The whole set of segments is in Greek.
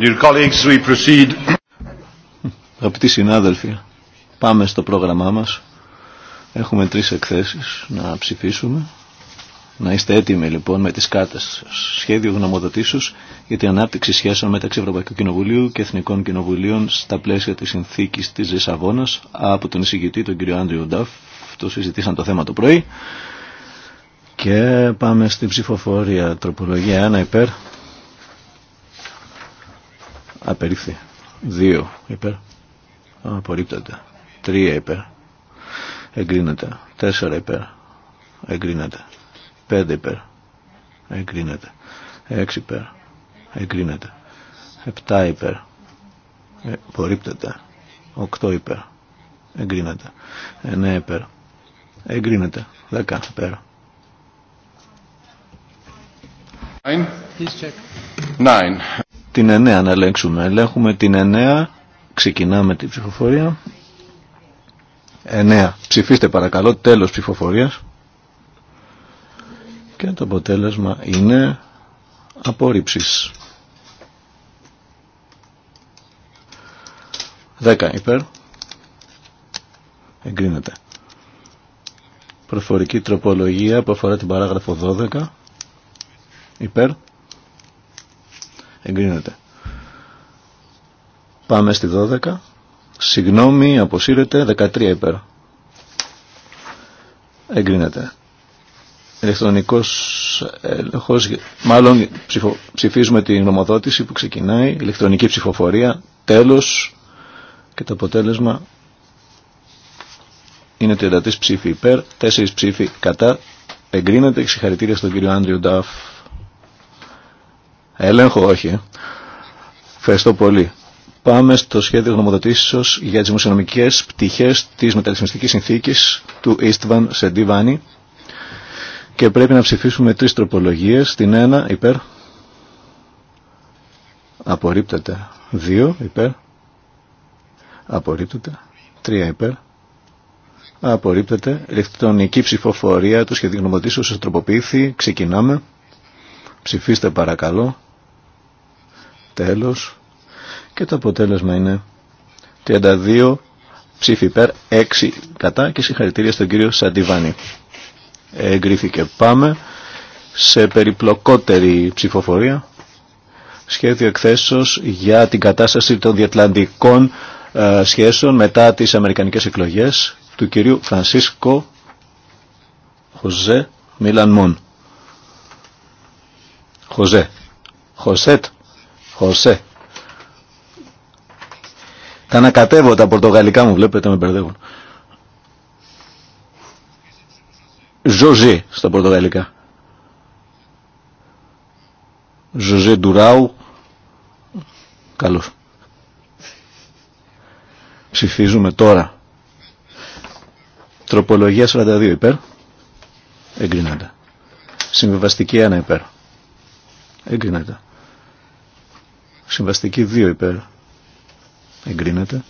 Dear Αγαπητοί συνάδελφοι, πάμε στο πρόγραμμά μας. Έχουμε τρεις εκθέσεις να ψηφίσουμε. Να είστε έτοιμοι λοιπόν με τις κάρτες σχέδιο γνωμοδοτήσεως για την ανάπτυξη σχέσεων μεταξύ Ευρωπαϊκού Κοινοβουλίου και Εθνικών Κοινοβουλίων στα πλαίσια της συνθήκης της Λισαβόνας από τον εισηγητή τον κύριο Άντριο Νταφ. Το συζητήσαν το θέμα το πρωί. Και πάμε στην ψηφοφορία τροπολογία 1 υπέρ Απερίφθη. 2 υπέρ. Απορρίπτεται. 3 υπέρ. Εγκρίνεται. 4 υπέρ. Εγκρίνεται. 5 υπέρ. Εγκρίνεται. 6 υπέρ. Εγκρίνεται. 7 υπέρ. Ε, απορρίπτεται. 8 υπέρ. Εγκρίνεται. 9 υπέρ. Εγκρίνεται. 10 υπέρ. 9. Την 9 να ελέγξουμε. Ελέγχουμε την 9. Ξεκινάμε την ψηφοφορία. 9. Ψηφίστε παρακαλώ. Τέλος ψηφοφορίας. Και το αποτέλεσμα είναι απόρριψης. 10 υπέρ. Εγκρίνεται. Προφορική τροπολογία που αφορά την παράγραφο 12. Υπέρ εγκρίνεται. Πάμε στη 12. Συγγνώμη, αποσύρεται 13 υπέρ. Εγκρίνεται. Ηλεκτρονικός έλεγχος, μάλλον ψηφίζουμε την γνωμοδότηση που ξεκινάει, ηλεκτρονική ψηφοφορία, τέλος και το αποτέλεσμα είναι 33 ψήφοι υπέρ, 4 ψήφοι κατά. Εγκρίνεται. Συγχαρητήρια στον κύριο Άνδριο Νταφ. Ελέγχω, όχι. Ευχαριστώ πολύ. Πάμε στο σχέδιο γνωμοδοτήσεως για τις δημοσιονομικές πτυχές της μεταρρυθμιστικής συνθήκης του Ιστβαν Σεντιβάνη και πρέπει να ψηφίσουμε τρεις τροπολογίες. Την ένα υπέρ απορρίπτεται. Δύο υπέρ απορρίπτεται. Τρία υπέρ απορρίπτεται. Ηλεκτρονική ψηφοφορία του σχεδίου γνωμοδοτήσεως τροποποιήθη. Ξεκινάμε. Ψηφίστε παρακαλώ. Τέλος. Και το αποτέλεσμα είναι 32 ψήφι υπέρ, 6 κατά και συγχαρητήρια στον κύριο Σαντιβάνη. Εγκρίθηκε. Πάμε σε περιπλοκότερη ψηφοφορία. Σχέδιο εκθέσεως για την κατάσταση των διατλαντικών ε, σχέσεων μετά τις αμερικανικές εκλογές του κυρίου Φρανσίσκο Χωζέ Μιλανμόν. Χωζέ. Χωσέτ Χωσέ. Τα ανακατεύω τα πορτογαλικά μου, βλέπετε με μπερδεύουν. Ζωζή στα πορτογαλικά. Ζωζή Ντουράου. Καλώ. Ψηφίζουμε τώρα. Τροπολογία 42 υπέρ. Εγκρινάται. Συμβιβαστική 1 υπέρ. Εγκρινάται. Συμβαστική 2 υπέρ. Εγκρίνεται.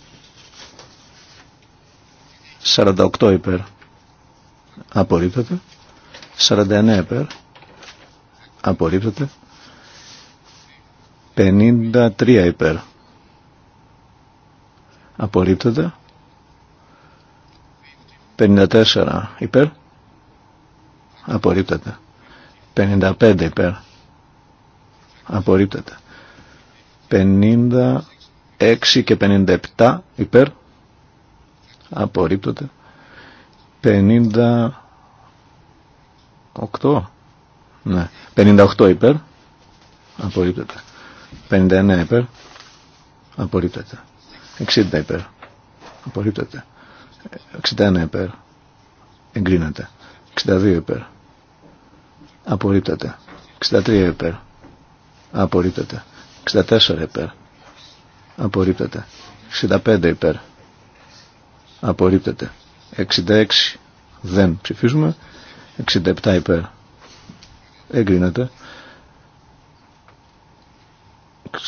48 υπέρ. Απορρίπτεται. 49 υπέρ. Απορρίπτεται. 53 υπέρ. Απορρίπτεται. 54 υπέρ. Απορρίπτεται. 55 υπέρ. Απορρίπτεται. 56 και 57 υπέρ απορρίπτονται 58 ναι 58 υπέρ απορρίπτεται 59 υπέρ απορρίπτεται 60 υπέρ απορρίπτεται 61 υπέρ εγκρίνεται 62 υπέρ απορρίπτεται 63 υπέρ απορρίπτεται 64 υπέρ. Απορρίπτεται. 65 υπέρ. Απορρίπτεται. 66 δεν ψηφίζουμε. 67 υπέρ. Εγκρίνεται.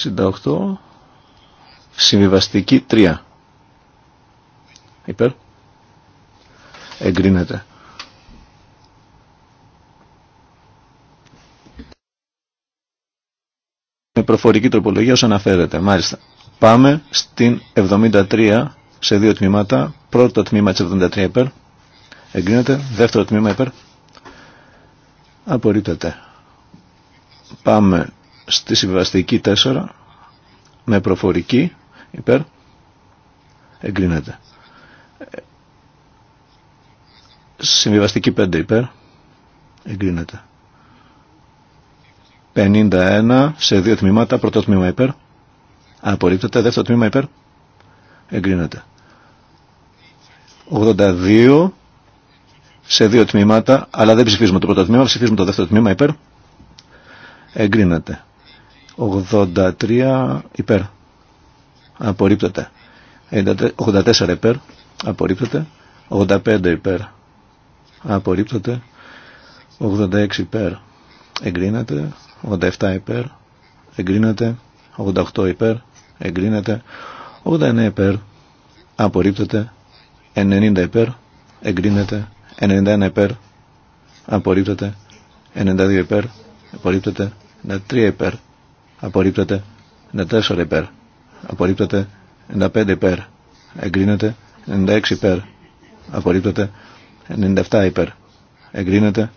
68. Συμβιβαστική 3. Υπέρ. Εγκρίνεται. με προφορική τροπολογία όσο αναφέρεται. Μάλιστα. Πάμε στην 73 σε δύο τμήματα. Πρώτο τμήμα της 73 υπέρ. Εγκρίνεται. Δεύτερο τμήμα υπέρ. Απορρίπτεται. Πάμε στη συμβαστική 4 με προφορική υπέρ. Εγκρίνεται. Συμβιβαστική 5 υπέρ. Εγκρίνεται. 51 σε δύο τμήματα. Πρώτο τμήμα υπέρ. Απορρίπτεται. Δεύτερο τμήμα υπέρ. Εγκρίνεται. 82 σε δύο τμήματα, αλλά δεν ψηφίζουμε το πρώτο τμήμα, ψηφίζουμε το δεύτερο τμήμα υπέρ. Εγκρίνεται. 83 υπέρ. Απορρίπτεται. 84 υπέρ. Απορρίπτεται. 85 υπέρ. Απορρίπτεται. 86 υπέρ. Εγκρίνεται. 87 υπέρ, εγκρίνεται. 88 υπέρ, εγκρίνεται. 89 υπέρ, απορρίπτεται. 90 υπέρ, εγκρίνεται. 91 υπέρ, απορρίπτεται. 92 υπέρ, απορρίπτεται. 93 υπέρ, απορρίπτεται. 94 υπέρ, απορρίπτεται. 95 υπέρ, εγκρίνεται. 96 υπέρ, απορρίπτεται. 97 υπέρ, εγκρίνεται.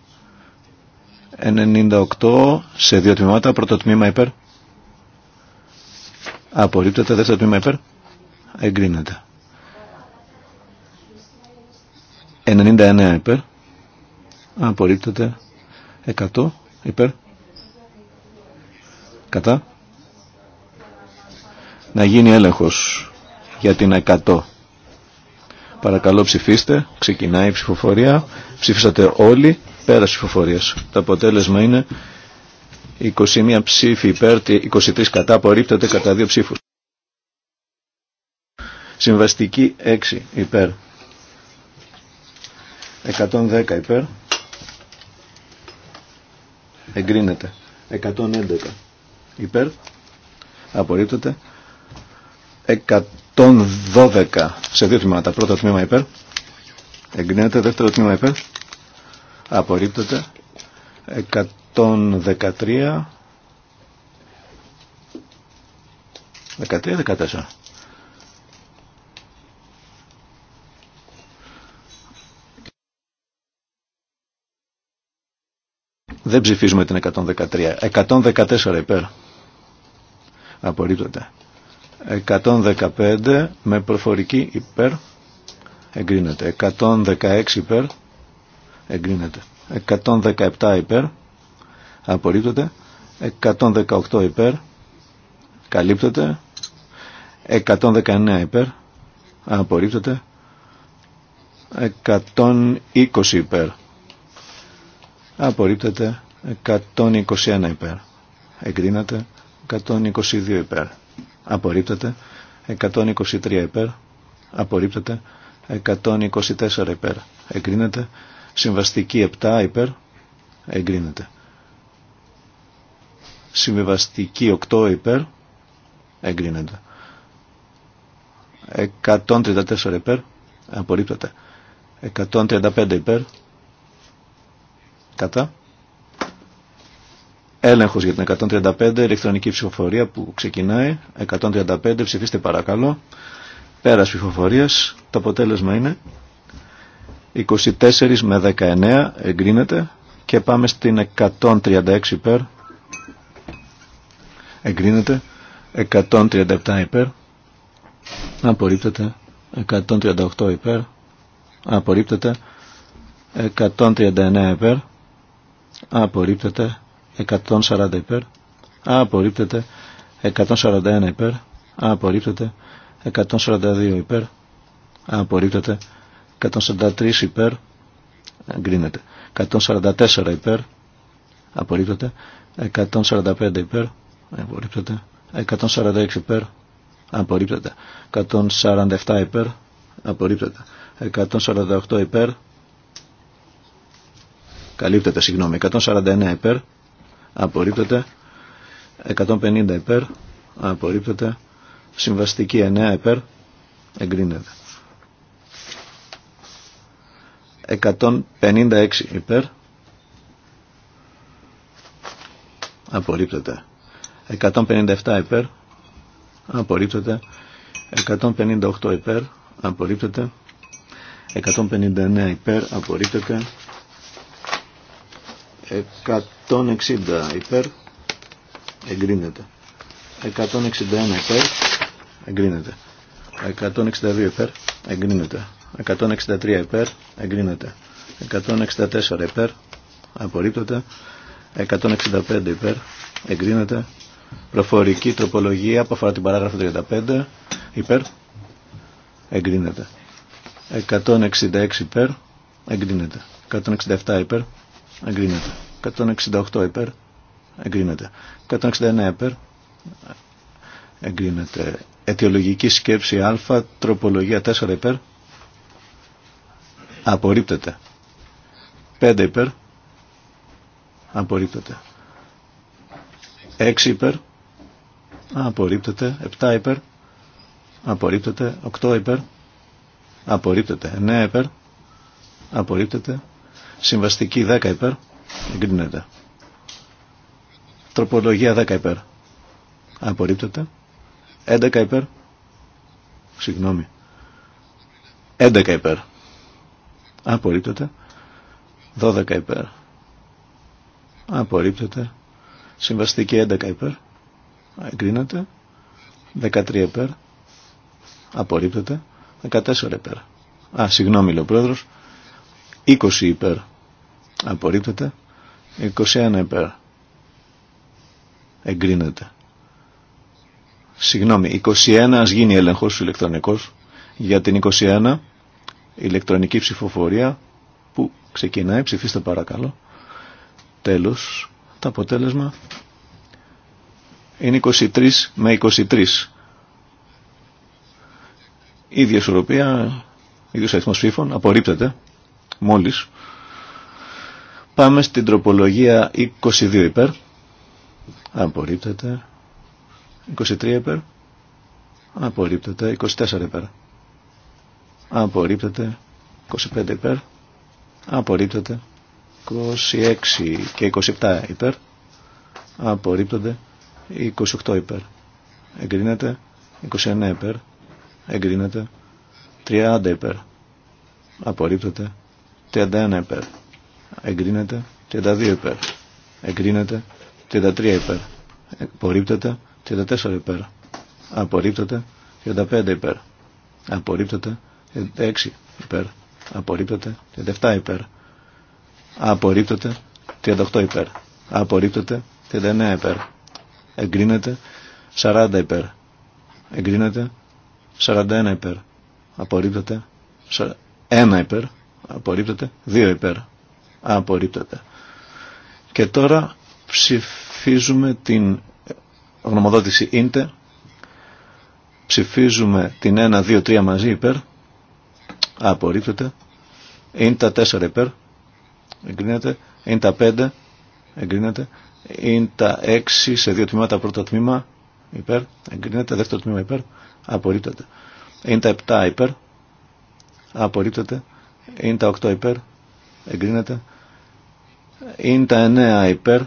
98 σε δύο τμήματα. Πρώτο τμήμα υπέρ. Απορρίπτεται. Δεύτερο τμήμα υπέρ. Εγκρίνεται. 99 υπέρ. Απορρίπτεται. 100 υπέρ. Κατά. Να γίνει έλεγχος για την 100. Παρακαλώ ψηφίστε. Ξεκινάει η ψηφοφορία. Ψήφισατε όλοι. Πέρας ψηφοφορίας. Το αποτέλεσμα είναι 21 ψήφοι υπέρ, 23 κατά, απορρίπτεται κατά δύο ψήφους. Συμβαστική 6 υπέρ. 110 υπέρ. Εγκρίνεται. 111 υπέρ. Απορρίπτεται. 112 σε δύο τμήματα. Πρώτο τμήμα υπέρ. Εγκρίνεται. Δεύτερο τμήμα υπέρ απορρίπτεται 113 13-14 Δεν ψηφίζουμε την 113 114 υπέρ απορρίπτεται 115 με προφορική υπέρ εγκρίνεται 116 υπέρ εγκρίνεται. 117 υπέρ, απορρίπτεται. 118 υπέρ, καλύπτεται. 119 υπέρ, απορρίπτεται. 120 υπέρ, απορρίπτεται. 121 υπέρ, εγκρίνεται. 122 υπέρ, απορρίπτεται. 123 υπέρ, απορρίπτεται. 124 υπέρ, εγκρίνεται. Συμβαστική 7 υπέρ εγκρίνεται. Συμβαστική 8 υπέρ εγκρίνεται. 134 υπέρ απορρίπτεται. 135 υπέρ κατά. Έλεγχος για την 135 ηλεκτρονική ψηφοφορία που ξεκινάει. 135 ψηφίστε παρακαλώ. Πέρας ψηφοφορίας. Το αποτέλεσμα είναι 24 με 19 εγκρίνεται και πάμε στην 136 υπέρ εγκρίνεται 137 υπέρ απορρίπτεται 138 υπέρ απορρίπτεται 139 υπέρ απορρίπτεται 140 υπέρ απορρίπτεται 141 υπέρ απορρίπτεται 142 υπέρ απορρίπτεται 143 υπέρ εγκρίνεται 144 υπέρ απορρίπτεται 145 υπέρ απορρίπτεται 146 υπέρ απορρίπτεται 147 υπέρ απορρίπτεται 148 υπέρ καλύπτεται συγγνώμη 149 υπέρ απορρίπτεται 150 υπέρ απορρίπτεται συμβαστική 9 υπέρ εγκρίνεται 156 υπέρ απορρίπτεται 157 υπέρ απορρίπτεται 158 υπέρ απορρίπτεται 159 υπέρ απορρίπτεται 160 υπέρ εγκρίνεται 161 υπέρ εγκρίνεται 162 υπέρ εγκρίνεται 163 υπέρ εγκρίνεται 164 υπέρ απορρίπτεται 165 υπέρ εγκρίνεται προφορική τροπολογία που αφορά την παράγραφο 35 υπέρ εγκρίνεται 166 υπέρ εγκρίνεται 167 υπέρ εγκρίνεται 168 υπέρ εγκρίνεται 169 υπέρ εγκρίνεται αιτιολογική σκέψη α τροπολογία 4 υπέρ Απορρίπτεται. 5 υπέρ. Απορρίπτεται. 6 υπέρ. Απορρίπτεται. 7 υπέρ. Απορρίπτεται. 8 υπέρ. Απορρίπτεται. 9 υπέρ. Απορρίπτεται. Συμβαστική 10 υπέρ. Εγκρίνεται. Τροπολογία 10 υπέρ. Απορρίπτεται. 11 υπέρ. Συγγνώμη. 11 υπέρ. Απορρίπτεται. 12 υπέρ. Απορρίπτεται. Συμβαστική 11 υπέρ. Εγκρίνεται. 13 υπέρ. Απορρίπτεται. 14 υπέρ. Α, συγγνώμη λέει ο πρόεδρος. 20 υπέρ. Απορρίπτεται. 21 υπέρ. Εγκρίνεται. Συγγνώμη, 21 ας γίνει έλεγχος ηλεκτρονικός για την 21 ηλεκτρονική ψηφοφορία που ξεκινάει. Ψηφίστε παρακαλώ. Τέλος. Το αποτέλεσμα είναι 23 με 23. Ίδια ισορροπία, ίδιος αριθμός ψήφων. Απορρίπτεται. Μόλις. Πάμε στην τροπολογία 22 υπέρ. Απορρίπτεται. 23 υπέρ. Απορρίπτεται. 24 υπέρ απορρίπτεται 25 υπέρ απορρίπτεται 26 και 27 υπέρ απορρίπτονται 28 υπέρ εγκρίνεται 29 υπέρ εγκρίνεται 30 υπέρ απορρίπτεται 31 υπέρ εγκρίνεται 32 υπέρ εγκρίνεται 33 υπέρ απορρίπτεται 34 υπέρ απορρίπτεται 35 υπέρ απορρίπτεται 6 υπέρ. Απορρίπτεται. 37 υπέρ. Απορρίπτεται. 38 υπέρ. Απορρίπτεται. 39 υπέρ. Εγκρίνεται. 40 υπέρ. Εγκρίνεται. 41 υπέρ. Απορρίπτεται. 1 υπέρ. Απορρίπτεται. 2 υπέρ. Απορρίπτεται. Και τώρα ψηφίζουμε την γνωμοδότηση ίντε. Ψηφίζουμε την 1, 2, 3 μαζί υπέρ απορρίπτεται. Είναι τα 4 υπέρ, εγκρίνεται. Είναι τα 5, εγκρίνεται. Είναι τα 6 σε δύο τμήματα, πρώτο τμήμα υπέρ, εγκρίνεται. Δεύτερο τμήμα υπέρ, απορρίπτεται. Είναι τα 7 υπέρ, απορρίπτεται. Είναι τα 8 υπέρ, εγκρίνεται. Είναι τα 9 υπέρ,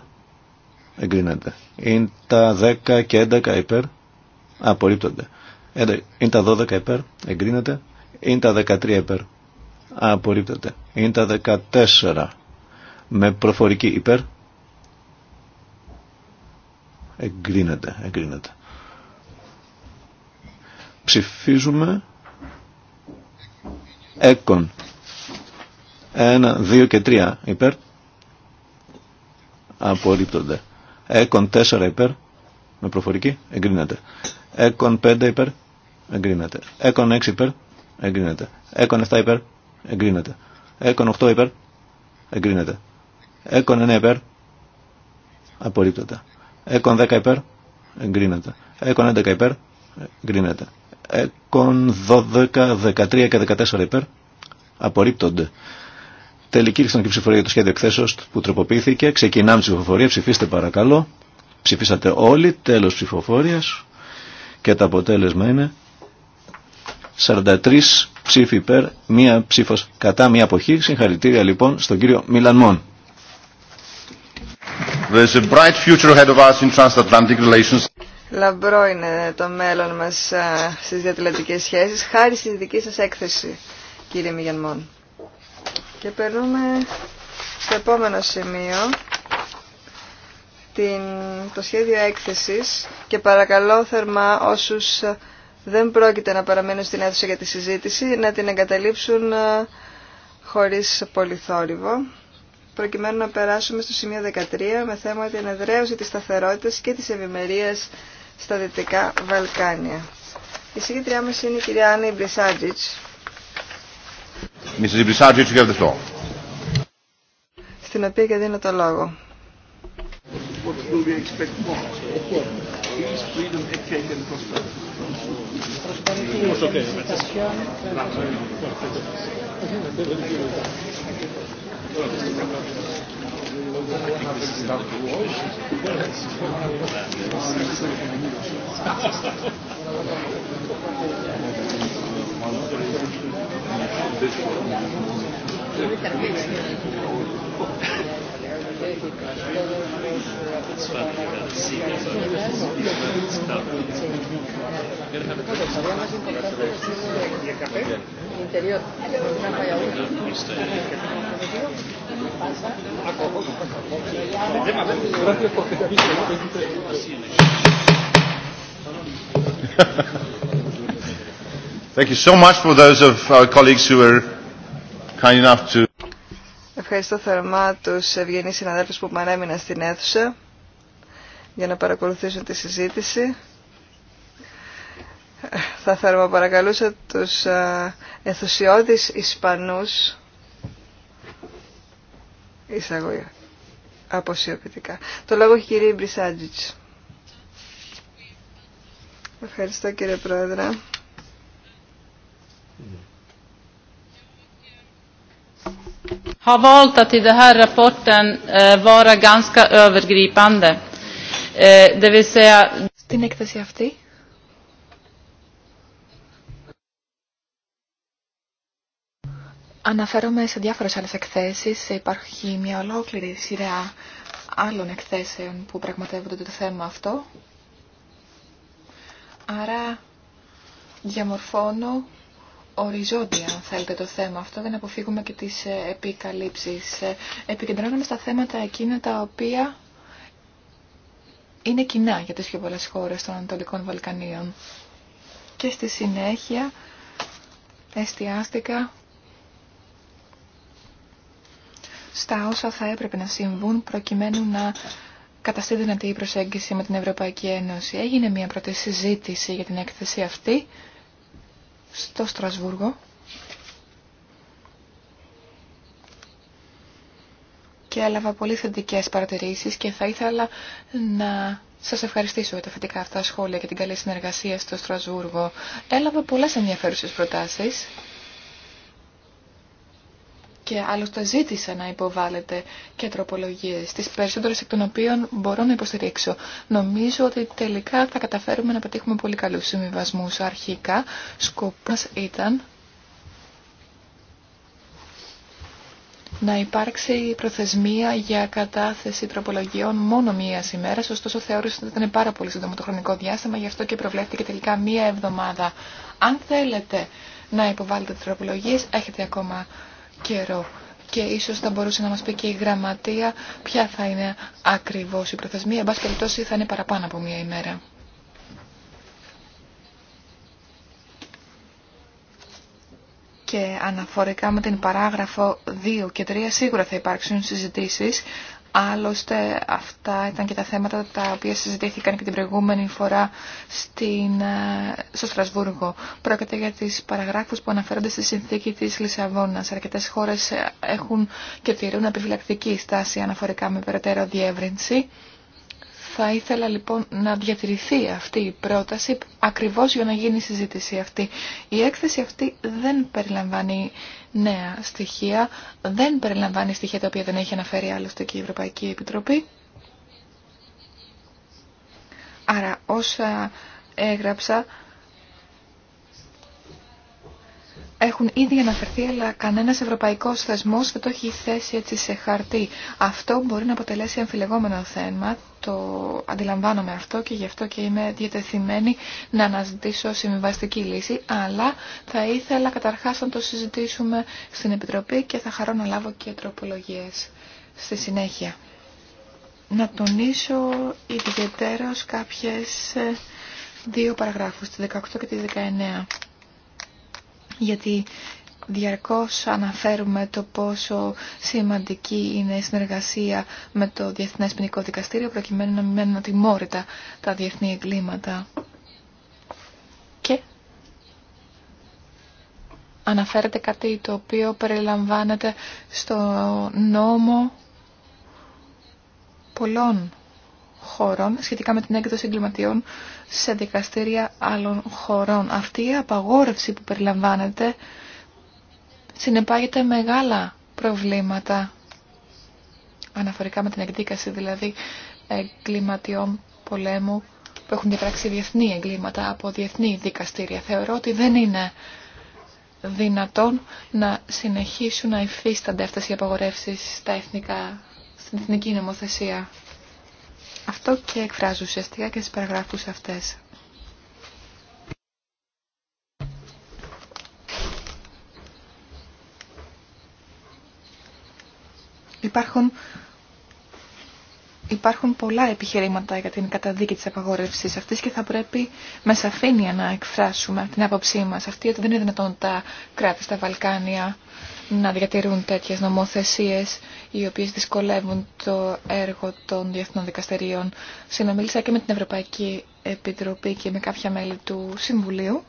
εγκρίνεται. Είναι τα 10 και 11 υπέρ, απορρίπτονται. Είναι τα 12 υπέρ, εγκρίνεται. Είναι τα 13 υπέρ. Απορρίπτεται. Είναι τα 14 με προφορική υπέρ. Εγκρίνεται, εγκρίνεται. Ψηφίζουμε έκον. 1, 2 και 3 υπέρ. Απορρίπτονται. Έκον 4 υπέρ. Με προφορική εγκρίνεται. Έκον 5 υπέρ. Εγκρίνεται. Έκον 6 υπέρ εγκρίνεται. Έκον 7 υπέρ, εγκρίνεται. Έκον 8 υπέρ, εγκρίνεται. Έκον 9 υπέρ, απορρίπτεται. Έκον 10 υπέρ, εγκρίνεται. Έκον 11 υπέρ, εγκρίνεται. Έκον 12, 13 και 14 υπέρ, απορρίπτονται. Τελική λήξη και ψηφορία για το σχέδιο εκθέσεω που τροποποιήθηκε. Ξεκινάμε τη ψηφοφορία. Ψηφίστε παρακαλώ. Ψηφίσατε όλοι. Τέλο ψηφοφορία. Και το αποτέλεσμα είναι 43 ψήφοι υπέρ, μία ψήφος κατά, μία αποχή. Συγχαρητήρια λοιπόν στον κύριο Μιλανμόν. Λαμπρό είναι το μέλλον μας στις διατηλετικές σχέσεις, χάρη στη δική σας έκθεση, κύριε Μον. Και περνούμε στο επόμενο σημείο, την, το σχέδιο έκθεσης και παρακαλώ θερμά όσους δεν πρόκειται να παραμείνουν στην αίθουσα για τη συζήτηση, να την εγκαταλείψουν ε, χωρίς πολύ θόρυβο, προκειμένου να περάσουμε στο σημείο 13 με θέμα την εδραίωση της σταθερότητας και της ευημερία στα Δυτικά Βαλκάνια. Η συγκεκριά μας είναι η κυρία Άννα Δευτό. Στην οποία και δίνω το λόγο peace, freedom, equity and prosperity. Thank you so much for those of our colleagues who were kind enough to Ευχαριστώ θερμά τους ευγενείς συναδέλφους που παρέμειναν στην αίθουσα για να παρακολουθήσουν τη συζήτηση. Θα παρακαλούσα τους ε, ενθουσιώδεις Ισπανούς εισαγωγή αποσιοποιητικά. Το λόγο έχει η Μπρισάντζιτς. Ευχαριστώ κύριε Πρόεδρε. Mm har valt att i den här rapporten eh, vara ganska övergripande. Eh, det vill säga... Στην έκθεση αυτή Αναφέρομαι σε διάφορες άλλες εκθέσεις. Υπάρχει μια ολόκληρη σειρά άλλων εκθέσεων που πραγματεύονται το θέμα αυτό. Άρα διαμορφώνω οριζόντια, αν θέλετε, το θέμα αυτό, δεν αποφύγουμε και τις ε, επικαλύψεις. Ε, επικεντρώνουμε στα θέματα εκείνα τα οποία είναι κοινά για τις πιο πολλές χώρες των Ανατολικών Βαλκανίων. Και στη συνέχεια εστιάστηκα στα όσα θα έπρεπε να συμβούν προκειμένου να καταστεί δυνατή η προσέγγιση με την Ευρωπαϊκή Ένωση. Έγινε μια πρώτη συζήτηση για την έκθεση αυτή στο Στρασβούργο και έλαβα πολύ θετικέ παρατηρήσεις και θα ήθελα να σας ευχαριστήσω για τα θετικά αυτά σχόλια και την καλή συνεργασία στο Στρασβούργο. Έλαβα πολλές ενδιαφέρουσες προτάσεις και άλλωστε ζήτησα να υποβάλλετε και τροπολογίες, τις περισσότερες εκ των οποίων μπορώ να υποστηρίξω. Νομίζω ότι τελικά θα καταφέρουμε να πετύχουμε πολύ καλούς συμβιβασμούς. Αρχικά σκοπός ήταν να υπάρξει προθεσμία για κατάθεση τροπολογιών μόνο μία ημέρα. Ωστόσο, θεώρησα ότι ήταν πάρα πολύ σύντομο το χρονικό διάστημα, γι' αυτό και προβλέφθηκε τελικά μία εβδομάδα. Αν θέλετε να υποβάλλετε τροπολογίε, έχετε ακόμα καιρό και ίσως θα μπορούσε να μας πει και η γραμματεία ποια θα είναι ακριβώ η προθεσμία. Εν πάση περιπτώσει θα είναι παραπάνω από μία ημέρα. Και αναφορικά με την παράγραφο 2 και 3 σίγουρα θα υπάρξουν συζητήσεις, Άλλωστε αυτά ήταν και τα θέματα τα οποία συζητήθηκαν και την προηγούμενη φορά στην, ε, στο Στρασβούργο. Πρόκειται για τις παραγράφους που αναφέρονται στη συνθήκη της Λισαβόνας. Αρκετές χώρες έχουν και τηρούν επιφυλακτική στάση αναφορικά με περαιτέρω διεύρυνση. Θα ήθελα λοιπόν να διατηρηθεί αυτή η πρόταση ακριβώς για να γίνει η συζήτηση αυτή. Η έκθεση αυτή δεν περιλαμβάνει νέα στοιχεία, δεν περιλαμβάνει στοιχεία τα οποία δεν έχει αναφέρει άλλωστε και η Ευρωπαϊκή Επιτροπή. Άρα όσα έγραψα έχουν ήδη αναφερθεί, αλλά κανένας ευρωπαϊκός θεσμός δεν το έχει θέσει έτσι σε χαρτί. Αυτό μπορεί να αποτελέσει αμφιλεγόμενο θέμα, το αντιλαμβάνομαι αυτό και γι' αυτό και είμαι διατεθειμένη να αναζητήσω συμβιβαστική λύση, αλλά θα ήθελα καταρχάς να το συζητήσουμε στην Επιτροπή και θα χαρώ να λάβω και τροπολογίες στη συνέχεια. Να τονίσω ιδιαίτερως κάποιες ε, δύο παραγράφους, τη 18 και τη 19 γιατί διαρκώς αναφέρουμε το πόσο σημαντική είναι η συνεργασία με το Διεθνές Ποινικό Δικαστήριο προκειμένου να μην μένουν ατιμόρυτα τα διεθνή εγκλήματα. Και αναφέρεται κάτι το οποίο περιλαμβάνεται στο νόμο πολλών χωρών σχετικά με την έκδοση εγκληματιών σε δικαστήρια άλλων χωρών. Αυτή η απαγόρευση που περιλαμβάνεται συνεπάγεται μεγάλα προβλήματα αναφορικά με την εκδίκαση δηλαδή εγκληματιών πολέμου που έχουν διαπράξει διεθνή εγκλήματα από διεθνή δικαστήρια. Θεωρώ ότι δεν είναι δυνατόν να συνεχίσουν να υφίστανται αυτές οι απαγορεύσεις εθνικά, στην εθνική νομοθεσία. Αυτό και εκφράζω ουσιαστικά και στις παραγράφους αυτές. Υπάρχουν Υπάρχουν πολλά επιχειρήματα για την καταδίκη της απαγόρευσης αυτής και θα πρέπει με σαφήνεια να εκφράσουμε την άποψή μας αυτή ότι δεν είναι δυνατόν τα κράτη στα Βαλκάνια να διατηρούν τέτοιες νομοθεσίες οι οποίες δυσκολεύουν το έργο των διεθνών δικαστηρίων. Συνομίλησα και με την Ευρωπαϊκή Επιτροπή και με κάποια μέλη του Συμβουλίου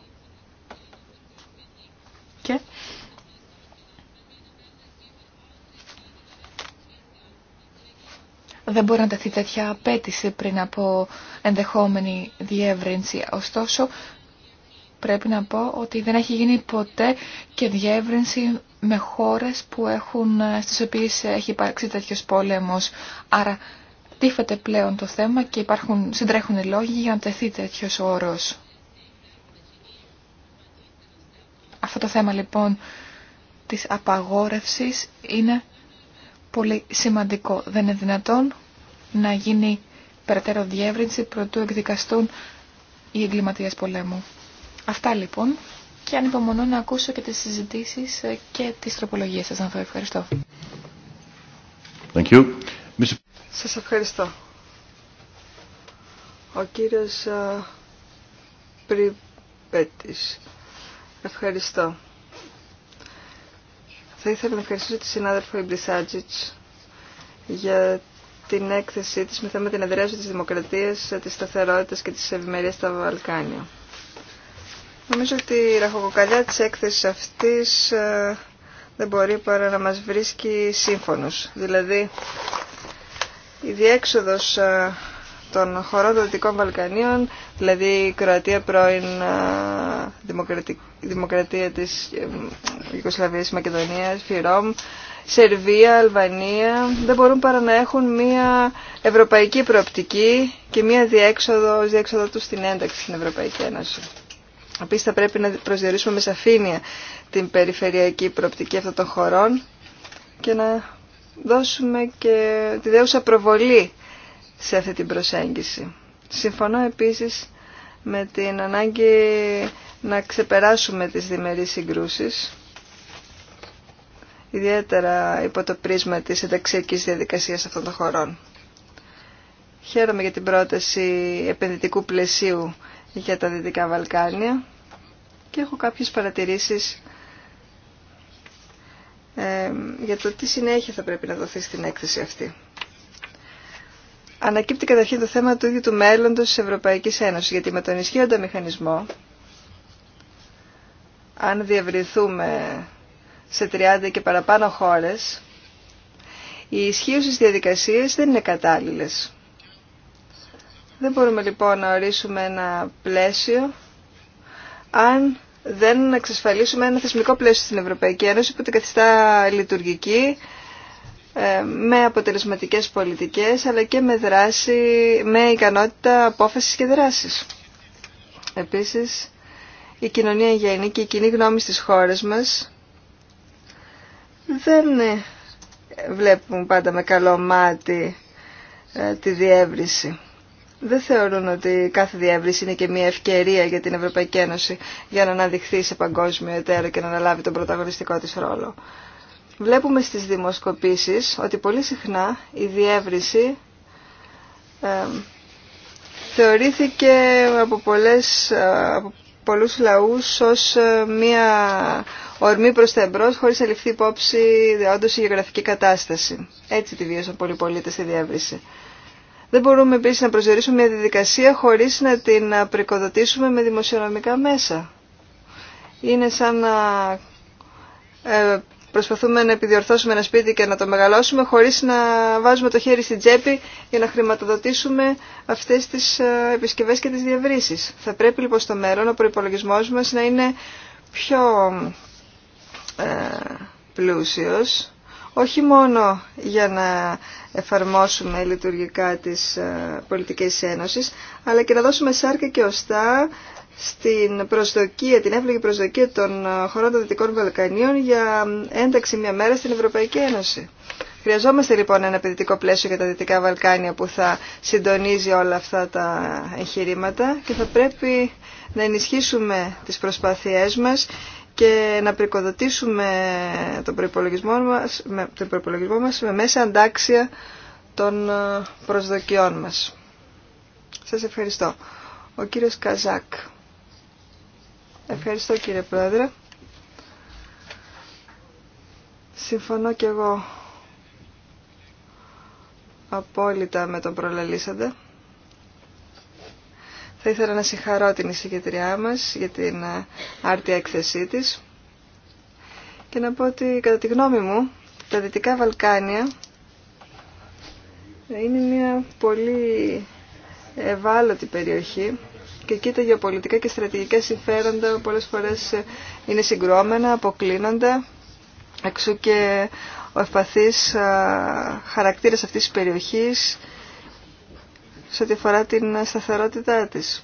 δεν μπορεί να τεθεί τέτοια απέτηση πριν από ενδεχόμενη διεύρυνση. Ωστόσο, πρέπει να πω ότι δεν έχει γίνει ποτέ και διεύρυνση με χώρες που έχουν, στις οποίες έχει υπάρξει τέτοιος πόλεμος. Άρα τίθεται πλέον το θέμα και υπάρχουν, συντρέχουν οι λόγοι για να τεθεί τέτοιος όρος. Αυτό το θέμα λοιπόν της απαγόρευσης είναι πολύ σημαντικό. Δεν είναι δυνατόν να γίνει περαιτέρω διεύρυνση προτού εκδικαστούν οι εγκληματίες πολέμου. Αυτά λοιπόν και ανυπομονώ να ακούσω και τις συζητήσεις ε, και τις τροπολογίες σας. Αν ευχαριστώ. Thank you. Σας ευχαριστώ. Ο κύριος ε, Πριπέτης. Ευχαριστώ. Θα ήθελα να ευχαριστήσω τη συνάδελφο Ιμπρισάτζιτς για την έκθεσή της με θέμα την εδραίωση της δημοκρατίας, της σταθερότητας και της ευημερίας στα Βαλκάνια. Νομίζω ότι η ραχοκοκαλιά της έκθεσης αυτής ε, δεν μπορεί παρά να μας βρίσκει σύμφωνος. Δηλαδή, η διέξοδος ε, των χωρών των Δυτικών Βαλκανίων, δηλαδή η Κροατία πρώην δημοκρατία, δημοκρατία της Μακεδονία, Μακεδονίας, Φιρόμ, Σερβία, Αλβανία, δεν μπορούν παρά να έχουν μια ευρωπαϊκή προοπτική και μια διέξοδο, διέξοδο του στην ένταξη στην Ευρωπαϊκή Ένωση. Επίσης θα πρέπει να προσδιορίσουμε με σαφήνεια την περιφερειακή προοπτική αυτών των χωρών και να δώσουμε και τη δέουσα προβολή σε αυτή την προσέγγιση. Συμφωνώ επίσης με την ανάγκη να ξεπεράσουμε τις διμερείς συγκρούσεις, ιδιαίτερα υπό το πρίσμα της ενταξιακής διαδικασίας αυτών των χωρών. Χαίρομαι για την πρόταση επενδυτικού πλαισίου για τα Δυτικά Βαλκάνια και έχω κάποιες παρατηρήσεις ε, για το τι συνέχεια θα πρέπει να δοθεί στην έκθεση αυτή ανακύπτει καταρχήν το θέμα του ίδιου του μέλλοντος της Ευρωπαϊκής Ένωσης, γιατί με τον ισχύοντα μηχανισμό, αν διευρυνθούμε σε 30 και παραπάνω χώρες, οι ισχύωσες διαδικασίες δεν είναι κατάλληλες. Δεν μπορούμε λοιπόν να ορίσουμε ένα πλαίσιο αν δεν εξασφαλίσουμε ένα θεσμικό πλαίσιο στην Ευρωπαϊκή Ένωση που την καθιστά λειτουργική, ε, με αποτελεσματικές πολιτικές αλλά και με δράση, με ικανότητα απόφασης και δράσης. Επίσης, η κοινωνία γέννη και η κοινή γνώμη στις χώρες μας δεν ε, βλέπουν πάντα με καλό μάτι ε, τη διεύρυνση. Δεν θεωρούν ότι κάθε διεύρυνση είναι και μια ευκαιρία για την Ευρωπαϊκή Ένωση για να αναδειχθεί σε παγκόσμιο εταίρο και να αναλάβει τον πρωταγωνιστικό της ρόλο. Βλέπουμε στις δημοσκοπήσεις ότι πολύ συχνά η διεύρυνση ε, θεωρήθηκε από, πολλές, ε, από πολλούς λαούς ως ε, μία ορμή προς τα εμπρός χωρίς να ληφθεί υπόψη όντως η γεωγραφική κατάσταση. Έτσι τη βίωσαν πολλοί πολίτες στη διεύρυνση. Δεν μπορούμε επίσης να προσδιορίσουμε μια διαδικασία χωρίς να την πρικοδοτήσουμε με δημοσιονομικά μέσα. Είναι σαν να ε, προσπαθούμε να επιδιορθώσουμε ένα σπίτι και να το μεγαλώσουμε χωρίς να βάζουμε το χέρι στην τσέπη για να χρηματοδοτήσουμε αυτές τις ε, επισκευές και τις διαβρύσεις. Θα πρέπει λοιπόν στο μέλλον ο προϋπολογισμός μας να είναι πιο ε, πλούσιος, όχι μόνο για να εφαρμόσουμε λειτουργικά τις ε, πολιτικές ένωσης, αλλά και να δώσουμε σάρκα και οστά στην προσδοκία, την εύλογη προσδοκία των ε, χωρών των Δυτικών Βαλκανίων για ένταξη μια μέρα στην Ευρωπαϊκή Ένωση. Χρειαζόμαστε λοιπόν ένα παιδιτικό πλαίσιο για τα Δυτικά Βαλκάνια που θα συντονίζει όλα αυτά τα εγχειρήματα και θα πρέπει να ενισχύσουμε τις προσπάθειές μας και να πρικοδοτήσουμε τον προπολογισμό μας, με, τον προϋπολογισμό μας με μέσα αντάξια των ε, προσδοκιών μας. Σας ευχαριστώ. Ο κύριος Καζάκ. Ευχαριστώ κύριε Πρόεδρε. Συμφωνώ και εγώ απόλυτα με τον προλαλήσαντα. Θα ήθελα να συγχαρώ την εισηγητριά μας για την άρτια έκθεσή της και να πω ότι κατά τη γνώμη μου τα Δυτικά Βαλκάνια είναι μια πολύ ευάλωτη περιοχή και εκεί τα γεωπολιτικά και στρατηγικά συμφέροντα πολλές φορές είναι συγκρόμενα, αποκλίνονται. Εξού και ο ευπαθής χαρακτήρας αυτής της περιοχής σε ό,τι αφορά την σταθερότητά της.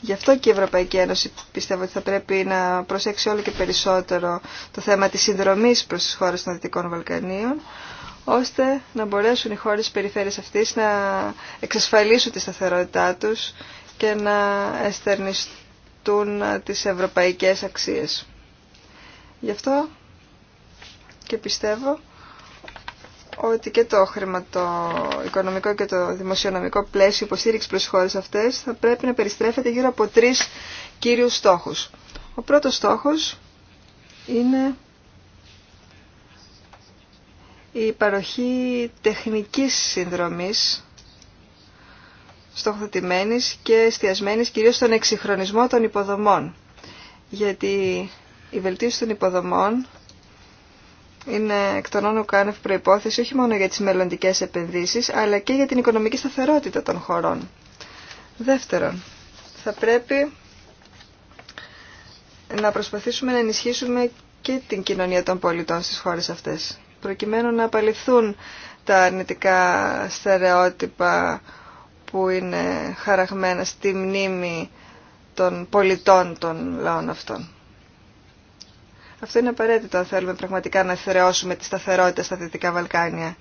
Γι' αυτό και η Ευρωπαϊκή Ένωση πιστεύω ότι θα πρέπει να προσέξει όλο και περισσότερο το θέμα της συνδρομής προς τις χώρες των Δυτικών Βαλκανίων, ώστε να μπορέσουν οι χώρες περιφέρειας αυτής να εξασφαλίσουν τη σταθερότητά τους και να εστερνιστούν τις ευρωπαϊκές αξίες. Γι' αυτό και πιστεύω ότι και το χρηματοοικονομικό και το δημοσιονομικό πλαίσιο υποστήριξη προς χώρες αυτές θα πρέπει να περιστρέφεται γύρω από τρεις κύριους στόχους. Ο πρώτος στόχος είναι η παροχή τεχνικής συνδρομής στοχοθετημένης και εστιασμένης κυρίως στον εξυγχρονισμό των υποδομών. Γιατί η βελτίωση των υποδομών είναι εκ των όνων κάνευ προϋπόθεση όχι μόνο για τις μελλοντικές επενδύσεις, αλλά και για την οικονομική σταθερότητα των χωρών. Δεύτερον, θα πρέπει να προσπαθήσουμε να ενισχύσουμε και την κοινωνία των πολιτών στις χώρες αυτές, προκειμένου να απαλληθούν τα αρνητικά στερεότυπα που είναι χαραγμένα στη μνήμη των πολιτών των λαών αυτών. Αυτό είναι απαραίτητο αν θέλουμε πραγματικά να θεραιώσουμε τη σταθερότητα στα Δυτικά Βαλκάνια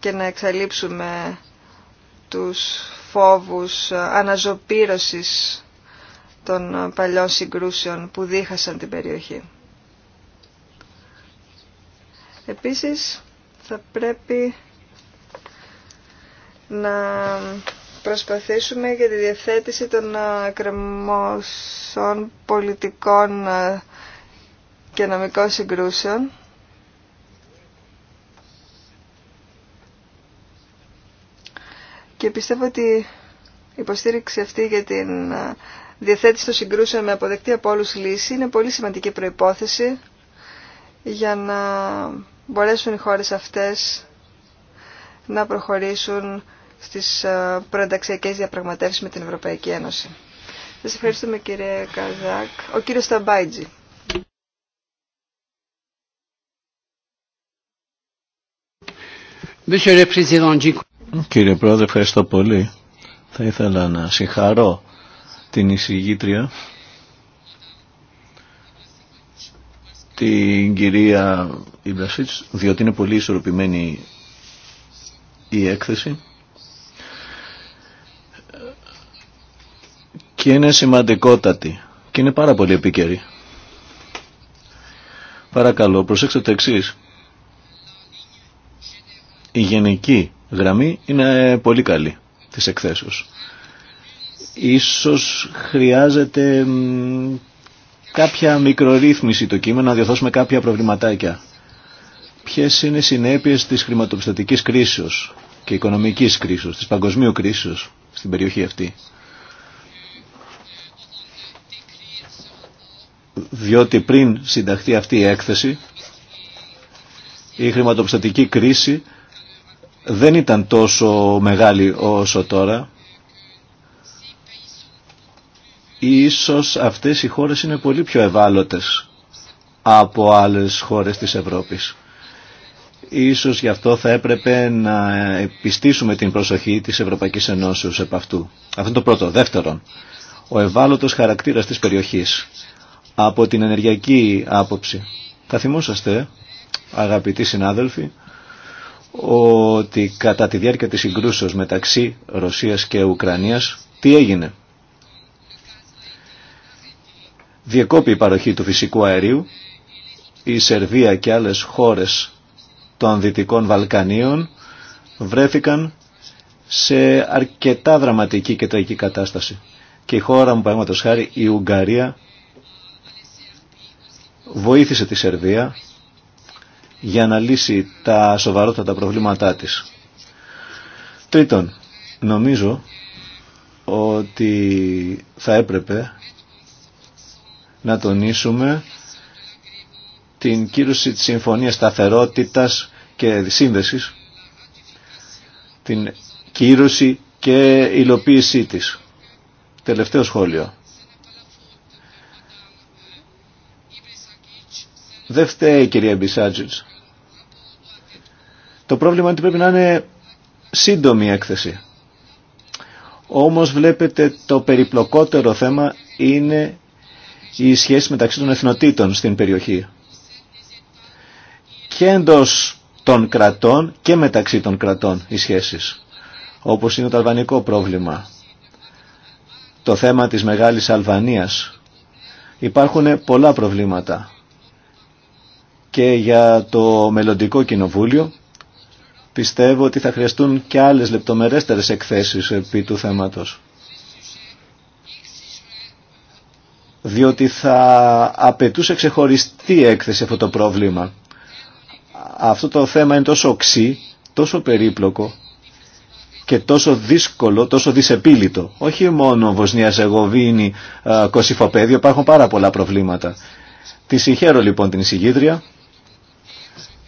και να εξαλείψουμε τους φόβους αναζωπήρωσης των παλιών συγκρούσεων που δίχασαν την περιοχή. Επίσης θα πρέπει να προσπαθήσουμε για τη διαθέτηση των κρεμόσων πολιτικών και νομικών συγκρούσεων. Και πιστεύω ότι η υποστήριξη αυτή για την διαθέτηση των συγκρούσεων με αποδεκτή από όλους λύση είναι πολύ σημαντική προϋπόθεση για να μπορέσουν οι χώρες αυτές να προχωρήσουν στις ε, προενταξιακές διαπραγματεύσεις με την Ευρωπαϊκή Ένωση. Σας ευχαριστούμε κύριε Καζάκ. Ο κύριος Σταμπάιτζη. Κύριε Πρόεδρε, ευχαριστώ πολύ. Θα ήθελα να συγχαρώ την εισηγήτρια, την κυρία Ιμπρασίτς, διότι είναι πολύ ισορροπημένη η έκθεση. και είναι σημαντικότατη και είναι πάρα πολύ επίκαιρη. Παρακαλώ, προσέξτε το εξή. Η γενική γραμμή είναι πολύ καλή της εκθέσεως. Ίσως χρειάζεται κάποια μικρορύθμιση το κείμενο να διορθώσουμε κάποια προβληματάκια. Ποιες είναι οι συνέπειες της χρηματοπιστωτικής κρίσεως και οικονομικής κρίσεως, της παγκοσμίου κρίσεως στην περιοχή αυτή. διότι πριν συνταχθεί αυτή η έκθεση η χρηματοπιστωτική κρίση δεν ήταν τόσο μεγάλη όσο τώρα. Ίσως αυτές οι χώρες είναι πολύ πιο ευάλωτες από άλλες χώρες της Ευρώπης. Ίσως γι' αυτό θα έπρεπε να επιστήσουμε την προσοχή της Ευρωπαϊκής Ενώσεως επ' αυτού. Αυτό είναι το πρώτο. Δεύτερον, ο ευάλωτος χαρακτήρας της περιοχής από την ενεργειακή άποψη. Θα θυμόσαστε, αγαπητοί συνάδελφοι, ότι κατά τη διάρκεια της συγκρούσεως μεταξύ Ρωσίας και Ουκρανίας, τι έγινε. Διεκόπη η παροχή του φυσικού αερίου, η Σερβία και άλλες χώρες των Δυτικών Βαλκανίων βρέθηκαν σε αρκετά δραματική και τραγική κατάσταση. Και η χώρα μου, παραδείγματος χάρη, η Ουγγαρία, βοήθησε τη Σερβία για να λύσει τα σοβαρότατα προβλήματά της. Τρίτον, νομίζω ότι θα έπρεπε να τονίσουμε την κύρωση της Συμφωνίας Σταθερότητας και Σύνδεσης, την κύρωση και υλοποίησή της. Τελευταίο σχόλιο. Δεν φταίει κυρία Μπισάτζιτς. Το πρόβλημα είναι ότι πρέπει να είναι σύντομη έκθεση. Όμως βλέπετε το περιπλοκότερο θέμα είναι η σχέση μεταξύ των εθνοτήτων στην περιοχή. Και εντός των κρατών και μεταξύ των κρατών οι σχέσεις. Όπως είναι το αλβανικό πρόβλημα. Το θέμα της Μεγάλης Αλβανίας. Υπάρχουν πολλά προβλήματα και για το μελλοντικό κοινοβούλιο. Πιστεύω ότι θα χρειαστούν και άλλες λεπτομερέστερες εκθέσεις επί του θέματος. Διότι θα απαιτούσε ξεχωριστή έκθεση αυτό το πρόβλημα. Αυτό το θέμα είναι τόσο οξύ, τόσο περίπλοκο και τόσο δύσκολο, τόσο δυσεπίλητο. Όχι μόνο Βοσνία, Ζεγοβίνη, ε, Κωσυφοπαίδιο, υπάρχουν πάρα πολλά προβλήματα. Τη συγχαίρω λοιπόν την εισηγήτρια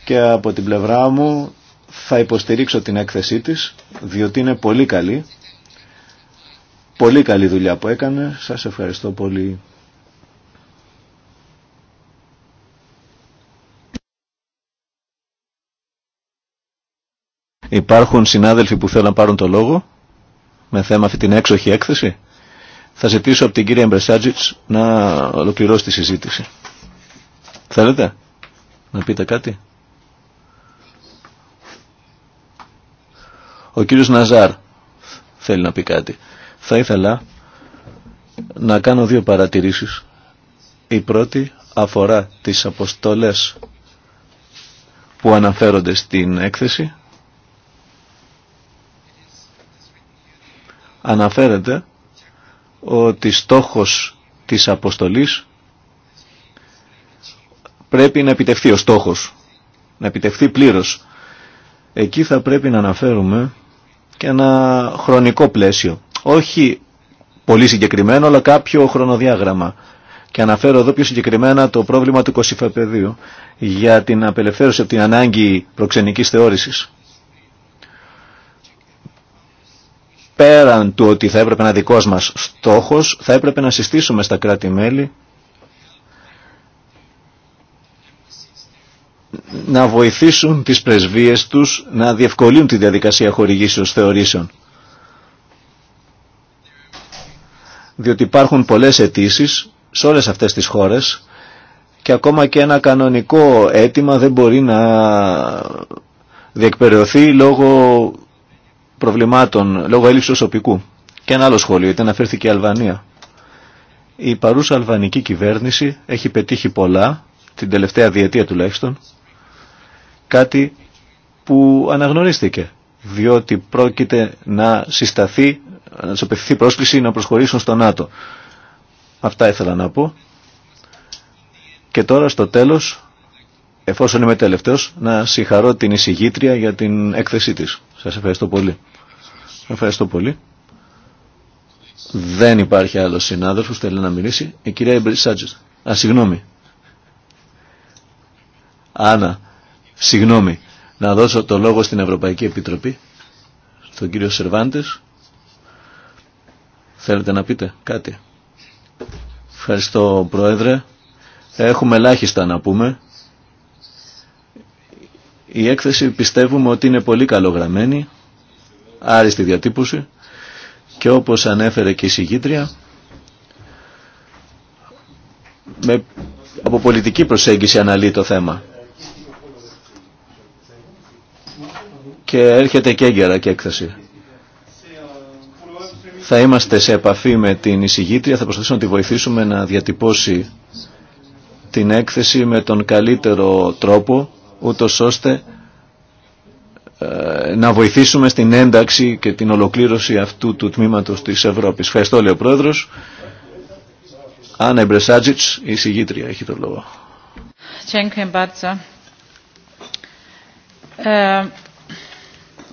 και από την πλευρά μου θα υποστηρίξω την έκθεσή της διότι είναι πολύ καλή πολύ καλή δουλειά που έκανε σας ευχαριστώ πολύ Υπάρχουν συνάδελφοι που θέλουν να πάρουν το λόγο με θέμα αυτή την έξοχη έκθεση. Θα ζητήσω από την κυρία Μπρεσάτζιτς να ολοκληρώσει τη συζήτηση. Θέλετε να πείτε κάτι. Ο κύριος Ναζάρ θέλει να πει κάτι. Θα ήθελα να κάνω δύο παρατηρήσεις. Η πρώτη αφορά τις αποστολές που αναφέρονται στην έκθεση. Αναφέρεται ότι στόχος της αποστολής πρέπει να επιτευχθεί ο στόχος, να επιτευχθεί πλήρως. Εκεί θα πρέπει να αναφέρουμε και ένα χρονικό πλαίσιο. Όχι πολύ συγκεκριμένο, αλλά κάποιο χρονοδιάγραμμα. Και αναφέρω εδώ πιο συγκεκριμένα το πρόβλημα του κοσυφαπεδίου για την απελευθέρωση από την ανάγκη προξενικής θεώρησης. Πέραν του ότι θα έπρεπε να δικός μας στόχος, θα έπρεπε να συστήσουμε στα κράτη-μέλη να βοηθήσουν τις πρεσβείες τους να διευκολύνουν τη διαδικασία χορηγήσεως θεωρήσεων. Διότι υπάρχουν πολλές αιτήσει σε όλες αυτές τις χώρες και ακόμα και ένα κανονικό αίτημα δεν μπορεί να διεκπαιρεωθεί λόγω προβλημάτων, λόγω έλλειψης οσοπικού. Και ένα άλλο σχόλιο, ήταν αναφέρθηκε η Αλβανία. Η παρούσα αλβανική κυβέρνηση έχει πετύχει πολλά, την τελευταία διετία τουλάχιστον, κάτι που αναγνωρίστηκε, διότι πρόκειται να συσταθεί, να πρόσκληση να προσχωρήσουν στο ΝΑΤΟ. Αυτά ήθελα να πω. Και τώρα στο τέλος, εφόσον είμαι τελευταίος, να συγχαρώ την εισηγήτρια για την έκθεσή της. Σας ευχαριστώ πολύ. Ευχαριστώ πολύ. Δεν υπάρχει άλλος συνάδελφος που θέλει να μιλήσει. Η κυρία Ιμπρισάτζης. Α, συγγνώμη. Άννα, Συγγνώμη, να δώσω το λόγο στην Ευρωπαϊκή Επιτροπή, στον κύριο Σερβάντες. Θέλετε να πείτε κάτι. Ευχαριστώ Πρόεδρε. Έχουμε ελάχιστα να πούμε. Η έκθεση πιστεύουμε ότι είναι πολύ καλογραμμένη, άριστη διατύπωση και όπως ανέφερε και η συγγήτρια, με, από πολιτική προσέγγιση αναλύει το θέμα. και έρχεται και έγκαιρα και έκθεση. Θα είμαστε σε επαφή με την εισηγήτρια, θα προσπαθήσουμε να τη βοηθήσουμε να διατυπώσει την έκθεση με τον καλύτερο τρόπο, ούτω ώστε ε, να βοηθήσουμε στην ένταξη και την ολοκλήρωση αυτού του τμήματος της Ευρώπης. Ευχαριστώ, λέει ο Πρόεδρος. Άννα Εμπρεσάτζιτς, η εισηγήτρια, έχει το λόγο.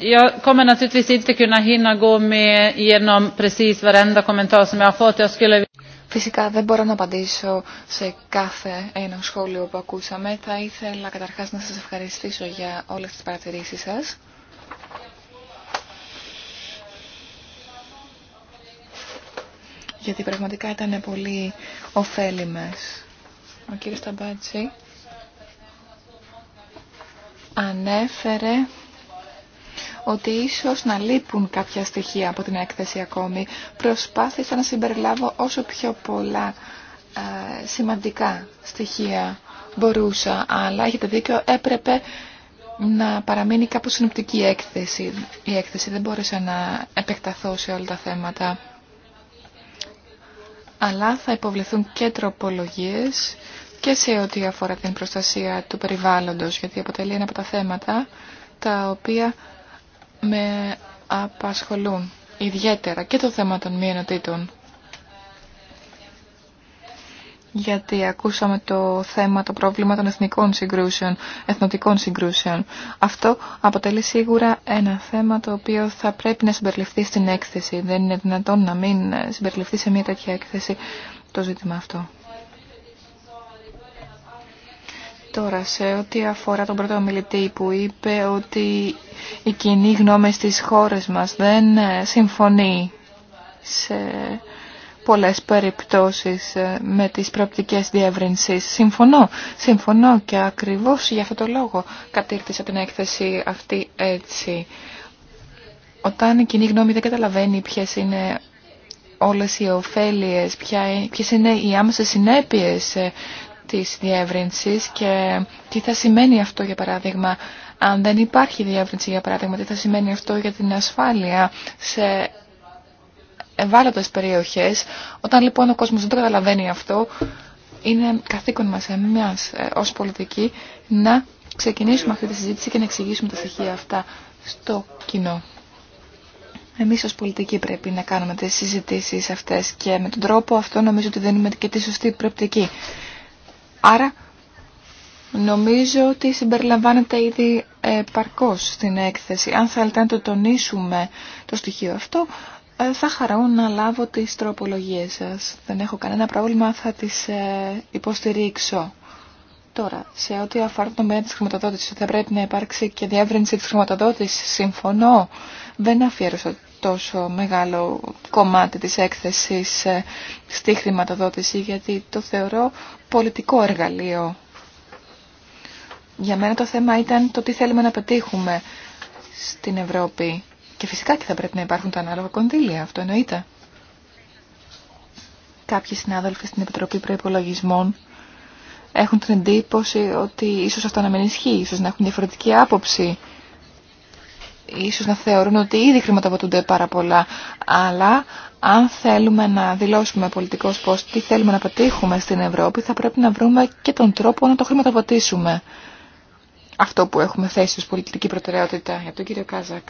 Jag kommer naturligtvis inte kunna hinna gå med genom precis varenda kommentar som jag har fått. Jag skulle... Φυσικά δεν μπορώ να απαντήσω σε κάθε ένα σχόλιο που ακούσαμε. Θα ήθελα καταρχάς να σας ευχαριστήσω για όλες τις παρατηρήσεις σας. Γιατί πραγματικά ήταν πολύ ωφέλιμες. Ο κύριος Ταμπάτζη ανέφερε ότι ίσως να λείπουν κάποια στοιχεία από την έκθεση ακόμη. Προσπάθησα να συμπεριλάβω όσο πιο πολλά ε, σημαντικά στοιχεία μπορούσα, αλλά έχετε δίκιο έπρεπε να παραμείνει κάπως συνοπτική η έκθεση. Η έκθεση δεν μπόρεσα να επεκταθώ σε όλα τα θέματα. Αλλά θα υποβληθούν και τροπολογίες και σε ό,τι αφορά την προστασία του περιβάλλοντος, γιατί αποτελεί ένα από τα θέματα τα οποία με απασχολούν ιδιαίτερα και το θέμα των μη Γιατί ακούσαμε το θέμα, το πρόβλημα των εθνικών συγκρούσεων, εθνοτικών συγκρούσεων. Αυτό αποτελεί σίγουρα ένα θέμα το οποίο θα πρέπει να συμπεριληφθεί στην έκθεση. Δεν είναι δυνατόν να μην συμπεριληφθεί σε μια τέτοια έκθεση το ζήτημα αυτό. Τώρα, σε ό,τι αφορά τον πρώτο ομιλητή που είπε ότι η κοινή γνώμη στις χώρες μας δεν ε, συμφωνεί σε πολλές περιπτώσεις ε, με τις προοπτικές διεύρυνσης. Συμφωνώ, συμφωνώ και ακριβώς για αυτό το λόγο κατήρτισα την έκθεση αυτή έτσι. Όταν η κοινή γνώμη δεν καταλαβαίνει ποιες είναι όλες οι ωφέλειες, ε, ποιες είναι οι άμεσες συνέπειες της διεύρυνσης και τι θα σημαίνει αυτό για παράδειγμα αν δεν υπάρχει διεύρυνση για παράδειγμα τι θα σημαίνει αυτό για την ασφάλεια σε ευάλωτες περιοχές όταν λοιπόν ο κόσμος δεν το καταλαβαίνει αυτό είναι καθήκον μας εμείς ε, ως πολιτική να ξεκινήσουμε αυτή τη συζήτηση και να εξηγήσουμε τα στοιχεία αυτά στο κοινό. Εμείς ως πολιτικοί πρέπει να κάνουμε τις συζητήσεις αυτές και με τον τρόπο αυτό νομίζω ότι δεν δίνουμε και τη σωστή προοπτική. Άρα νομίζω ότι συμπεριλαμβάνεται ήδη ε, παρκώς στην έκθεση. Αν θέλετε να το τονίσουμε το στοιχείο αυτό, ε, θα χαρώ να λάβω τις τροπολογίες σας. Δεν έχω κανένα πρόβλημα, θα τις ε, υποστηρίξω. Τώρα, σε ό,τι αφορά το τομέα της χρηματοδότησης, θα πρέπει να υπάρξει και διεύρυνση της χρηματοδότησης. Συμφωνώ, δεν αφιέρωσα τόσο μεγάλο κομμάτι της έκθεσης ε, στη χρηματοδότηση γιατί το θεωρώ πολιτικό εργαλείο. Για μένα το θέμα ήταν το τι θέλουμε να πετύχουμε στην Ευρώπη. Και φυσικά και θα πρέπει να υπάρχουν τα ανάλογα κονδύλια, αυτό εννοείται. Κάποιοι συνάδελφοι στην Επιτροπή Προϋπολογισμών έχουν την εντύπωση ότι ίσως αυτό να μην ισχύει, ίσως να έχουν διαφορετική άποψη ίσως να θεωρούν ότι ήδη χρηματοδοτούνται πάρα πολλά, αλλά αν θέλουμε να δηλώσουμε πολιτικώς πώς τι θέλουμε να πετύχουμε στην Ευρώπη, θα πρέπει να βρούμε και τον τρόπο να το χρηματοδοτήσουμε. Αυτό που έχουμε θέσει ως πολιτική προτεραιότητα για τον κύριο Κάζακ.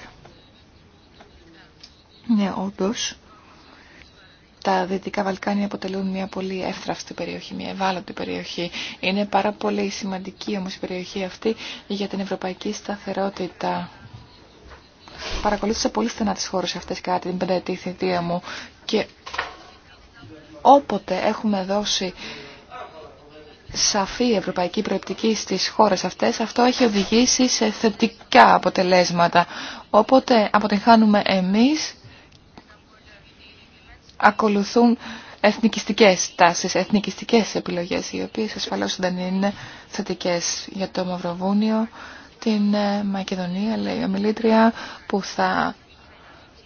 Ναι, όντως. Τα Δυτικά Βαλκάνια αποτελούν μια πολύ εύθραυστη περιοχή, μια ευάλωτη περιοχή. Είναι πάρα πολύ σημαντική όμως η περιοχή αυτή για την ευρωπαϊκή σταθερότητα παρακολούθησα πολύ στενά τις χώρες αυτές κάτι την πενταετή θητεία μου και όποτε έχουμε δώσει σαφή ευρωπαϊκή προεπτική στις χώρες αυτές, αυτό έχει οδηγήσει σε θετικά αποτελέσματα. Όποτε αποτυγχάνουμε εμείς, ακολουθούν εθνικιστικές τάσεις, εθνικιστικές επιλογές, οι οποίες ασφαλώς δεν είναι θετικές για το Μαυροβούνιο την ε, Μακεδονία, λέει ομιλήτρια, που θα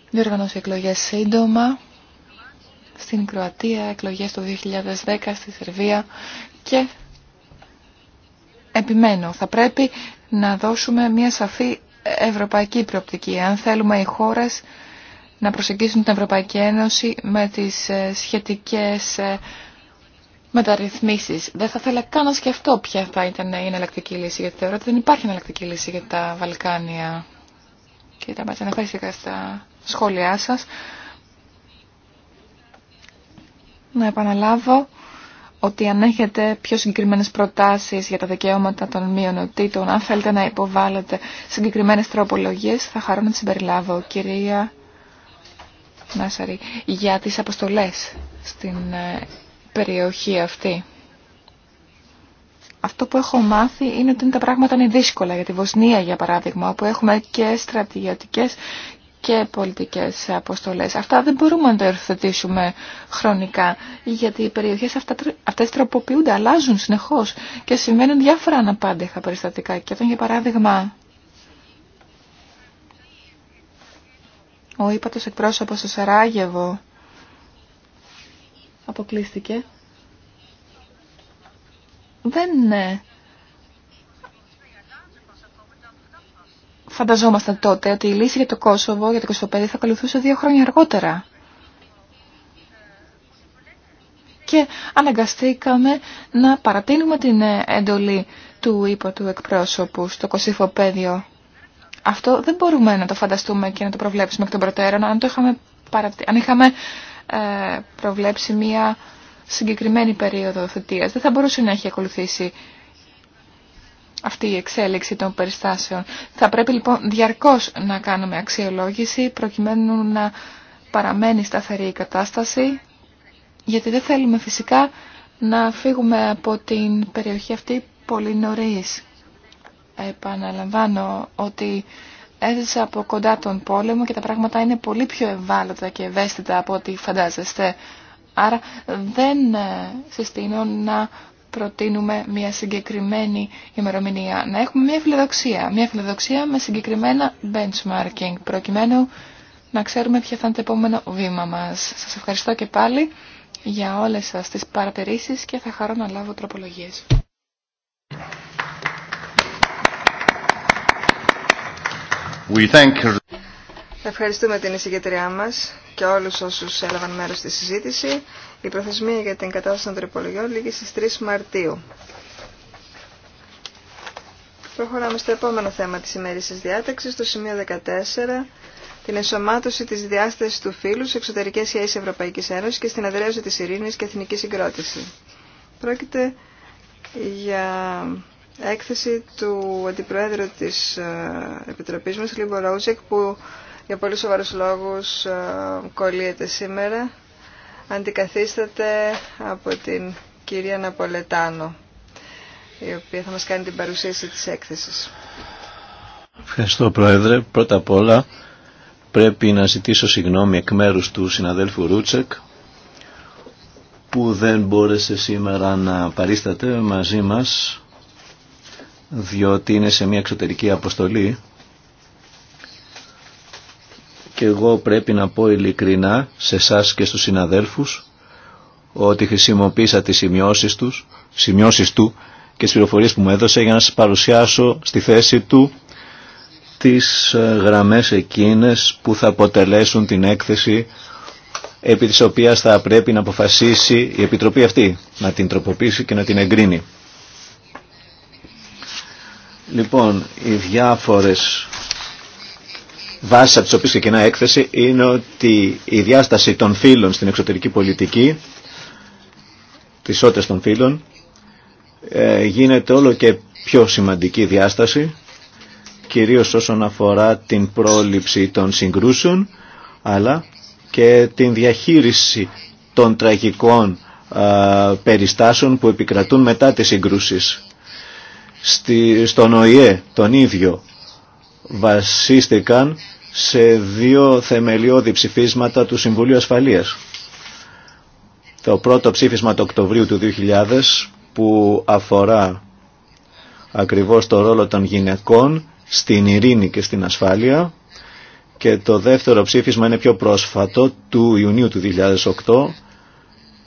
διοργανώσει εκλογές σύντομα στην Κροατία, εκλογές το 2010 στη Σερβία και επιμένω, θα πρέπει να δώσουμε μια σαφή ευρωπαϊκή προοπτική. Αν θέλουμε οι χώρες να προσεγγίσουν την Ευρωπαϊκή Ένωση με τις ε, σχετικές ε, μεταρρυθμίσεις. Δεν θα ήθελα καν να σκεφτώ ποια θα ήταν η εναλλακτική λύση, γιατί θεωρώ ότι δεν υπάρχει εναλλακτική λύση για τα Βαλκάνια. Και τα να αναφέρθηκα στα σχόλιά σα. Να επαναλάβω ότι αν έχετε πιο συγκεκριμένες προτάσεις για τα δικαιώματα των μειονοτήτων, αν θέλετε να υποβάλλετε συγκεκριμένες τροπολογίες, θα χαρώ να τις συμπεριλάβω, κυρία Νάσαρη, για τις αποστολές στην ε, περιοχή αυτή. Αυτό που έχω μάθει είναι ότι τα πράγματα είναι δύσκολα για τη Βοσνία, για παράδειγμα, όπου έχουμε και στρατηγικές και πολιτικές αποστολές. Αυτά δεν μπορούμε να τα ερθετήσουμε χρονικά, γιατί οι περιοχές αυτά, αυτές τροποποιούνται, αλλάζουν συνεχώς και σημαίνουν διάφορα αναπάντεχα περιστατικά. Και όταν, για παράδειγμα, ο ύπατος εκπρόσωπος στο Σαράγεβο αποκλείστηκε. Δεν ε, φανταζόμασταν τότε ότι η λύση για το Κόσοβο, για το Κωσυφοπέδιο, θα ακολουθούσε δύο χρόνια αργότερα. Και αναγκαστήκαμε να παρατείνουμε την ε, εντολή του ύπο του εκπρόσωπου στο Κωσυφοπέδιο. Αυτό δεν μπορούμε να το φανταστούμε και να το προβλέψουμε εκ των προτέρων. Αν, το είχαμε, παρατη... αν ε, προβλέψει μία συγκεκριμένη περίοδο θετίας. Δεν θα μπορούσε να έχει ακολουθήσει αυτή η εξέλιξη των περιστάσεων. Θα πρέπει λοιπόν διαρκώς να κάνουμε αξιολόγηση προκειμένου να παραμένει σταθερή η κατάσταση γιατί δεν θέλουμε φυσικά να φύγουμε από την περιοχή αυτή πολύ νωρίς. Επαναλαμβάνω ότι έζησα από κοντά τον πόλεμο και τα πράγματα είναι πολύ πιο ευάλωτα και ευαίσθητα από ό,τι φαντάζεστε. Άρα δεν ε, συστήνω να προτείνουμε μια συγκεκριμένη ημερομηνία. Να έχουμε μια φιλοδοξία. Μια φιλοδοξία με συγκεκριμένα benchmarking, προκειμένου να ξέρουμε ποια θα είναι το επόμενο βήμα μας. Σας ευχαριστώ και πάλι για όλες σας τις παρατηρήσεις και θα χαρώ να λάβω τροπολογίες. Ευχαριστούμε την εισηγητριά μας και όλους όσους έλαβαν μέρος στη συζήτηση. Η προθεσμία για την κατάσταση των τροπολογιών λήγει στις 3 Μαρτίου. Προχωράμε στο επόμενο θέμα της της διάταξης, το σημείο 14, την ενσωμάτωση της διάσταση του φύλου σε εξωτερικές σχέσει Ευρωπαϊκή Ένωση και στην αδρέωση τη ειρήνης και εθνική συγκρότηση. Πρόκειται για έκθεση του Αντιπροέδρου της ε, Επιτροπής μας, Λίμπο που για πολύ σοβαρούς λόγους ε, κολλείεται σήμερα. Αντικαθίσταται από την κυρία Ναπολετάνο, η οποία θα μας κάνει την παρουσίαση της έκθεσης. Ευχαριστώ Πρόεδρε. Πρώτα απ' όλα πρέπει να ζητήσω συγγνώμη εκ μέρους του συναδέλφου Ρούτσεκ που δεν μπόρεσε σήμερα να παρίσταται μαζί μας διότι είναι σε μια εξωτερική αποστολή και εγώ πρέπει να πω ειλικρινά σε εσά και στους συναδέλφους ότι χρησιμοποίησα τις σημειώσεις, τους, σημειώσεις του και τις πληροφορίες που μου έδωσε για να σας παρουσιάσω στη θέση του τις ε, γραμμές εκείνες που θα αποτελέσουν την έκθεση επί της οποίας θα πρέπει να αποφασίσει η Επιτροπή αυτή να την τροποποιήσει και να την εγκρίνει. Λοιπόν, οι διάφορες βάσεις από τις οποίες ξεκινά η έκθεση είναι ότι η διάσταση των φύλων στην εξωτερική πολιτική, της ότες των φύλων, ε, γίνεται όλο και πιο σημαντική διάσταση, κυρίως όσον αφορά την πρόληψη των συγκρούσεων, αλλά και την διαχείριση των τραγικών ε, περιστάσεων που επικρατούν μετά τις συγκρούσεις στη, στον ΟΗΕ τον ίδιο βασίστηκαν σε δύο θεμελιώδη ψηφίσματα του Συμβουλίου Ασφαλείας. Το πρώτο ψήφισμα του Οκτωβρίου του 2000 που αφορά ακριβώς το ρόλο των γυναικών στην ειρήνη και στην ασφάλεια και το δεύτερο ψήφισμα είναι πιο πρόσφατο του Ιουνίου του 2008